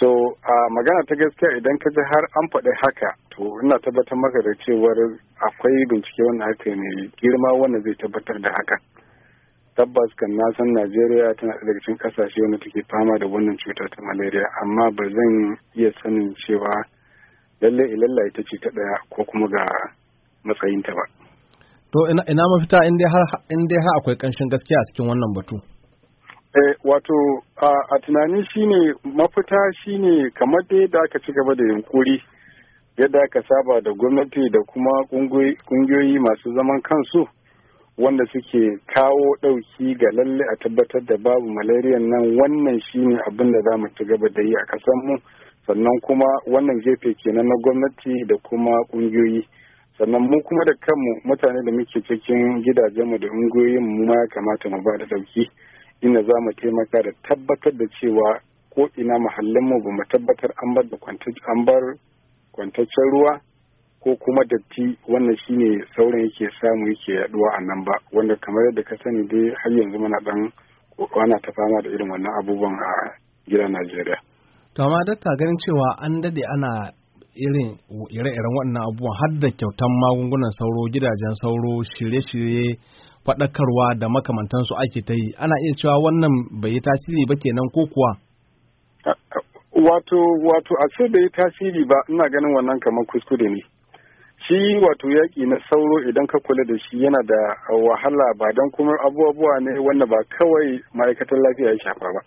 so a uh, magana ta gaskiya idan ka ji har an faɗi haka to ina tabbatar maka da cewar akwai bincike wanda haka ne girma wanda zai tabbatar da haka tabbas kan na san najeriya tana daga cikin kasashe wanda take fama da wannan cuta ta malaria amma ba zan iya sanin cewa lalle ilalla ita ce ta ɗaya ko kuma ga matsayinta ba to ina mafita in dai har akwai ƙanshin gaskiya a cikin wannan batu Eh, wato a tunani shine mafita shine kamar da yadda aka ci gaba da yunkuri yadda aka saba da gwamnati da kuma kungiyoyi masu zaman kansu wanda suke kawo ɗauki ga lalle a tabbatar da babu malariyan nan wannan shine abin da za mu ci gaba da yi a mu sannan kuma wannan gefe kenan na gwamnati da kuma kungiyoyi sannan mu kuma da kanmu mutane da muke cikin gidajenmu da ungiyoyin ma ya kamata mu ba da ɗauki inda za mu taimaka da tabbatar da cewa ko ina mahallinmu ba mu tabbatar an bar kwantaccen ruwa ko kuma datti wannan shine sauran yake samu yake yaduwa a nan ba wanda kamar yadda ka sani dai har yanzu muna dan ana ta fama da irin wannan abubuwan a gidan Najeriya. To amma dakta ganin cewa an dade ana irin ire-iren wannan abubuwan har da kyautan magungunan sauro gidajen sauro shirye-shirye faɗakarwa da makamantansu ake ta yi ana iya cewa wannan bai yi tasiri ba kenan ko kuwa wato wato a ce bai yi tasiri ba ina ganin wannan kamar kuskure ne shi wato yaƙi na sauro idan ka kula da shi yana da wahala ba don kuma abubuwa ne wanda ba kawai ma'aikatar lafiya ya shafa ba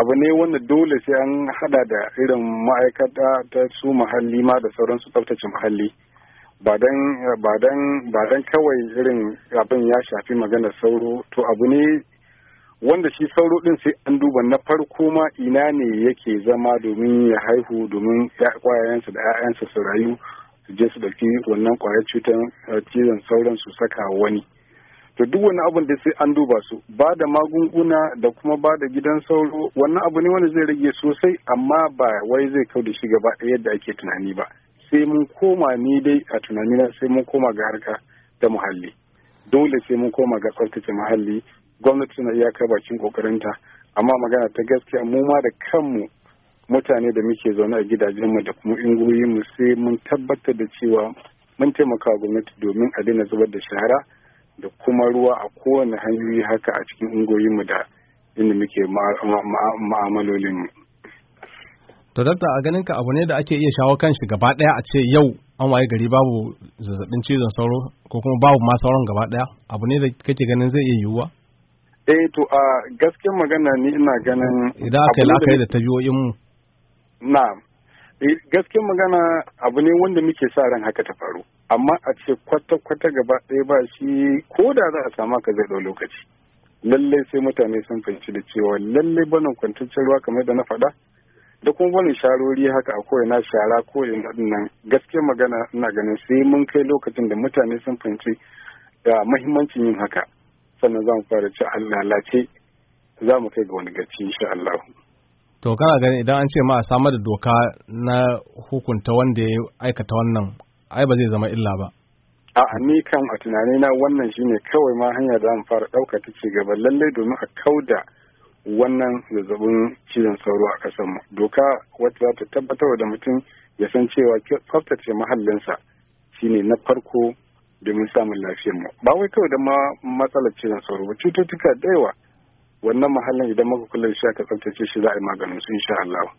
abu ne wanda dole sai an hada da irin ma'aikata ta su muhalli ma da sauransu tsaftace muhalli ba dan kawai irin abin ya shafi magana sauro to abu ne wanda shi sauro din sai an duba na farko ma ina ne yake zama domin ya haihu domin kwayayensa da 'ya'yansa su rayu su je su dauki wannan kwayar cutar eh, cizon sauran su saka wani to duk wani abin da sai an duba su ba da magunguna da kuma ba da gidan sauro wannan abu ne wanda zai rage sosai amma ba wai zai kau da shi gaba yadda ake tunani ba sai mun koma ni dai a tunanina sai mun koma ga harka da muhalli dole sai mun koma ga tsaftace muhalli gwamnati na iyaka bakin kokarinta amma magana ta gaskiya mu ma da kanmu mutane da muke zaune a gidajenmu da kuma ingoyinmu sai mun tabbatar da cewa mun taimaka gwamnati domin a daina zubar da shara da kuma ruwa a kowane hanyoyi haka a cikin ungoyinmu da inda muke ma'amalolinmu. To dakta a ganin ka abu ne da ake iya shawo kan shi gaba daya a ce yau an waye gari babu zazzabin cizon sauro ko kuma babu ma sauron gaba daya abu ne da kake ganin zai iya yiwuwa? Eh to a gaskiyar magana ni ina ganin idan aka yi la'akari da tabiyoyin mu. Na'am. Eh, gaskiyar magana abu ne wanda muke sa ran haka ta faru amma a ce kwata-kwata gaba daya ba shi ko da za a samu ka zai ɗau lokaci. Lallai sai mutane sun fahimci da cewa lallai banan kwantaccen ruwa kamar da na faɗa da kuma wani sharori haka a na shara ko ina nan gaske magana na ganin sai mun kai lokacin da mutane sun fahimci da ah, mahimmancin yin haka sannan za mu fara ci lalace za mu kai ga wani gaci insha Allah. To kana gani idan an ce ma a samar da doka na hukunta wanda ya aikata wannan ai ba zai zama illa ba. A'a ni kan a tunanina wannan shine kawai ma hanya da mu fara ɗauka ta ci gaba lallai domin a kauda wannan zazzabin cizon sauro a kasar mu doka wacce za ta tabbatar da mutum ya san cewa tsaftace mahallinsa shine na farko domin samun lafiyar mu ba wai kawai da matsalar cizon sauro ba cututtuka da yawa wannan mahallin idan muka kula da shi aka tsaftace shi za a yi maganin su insha Allah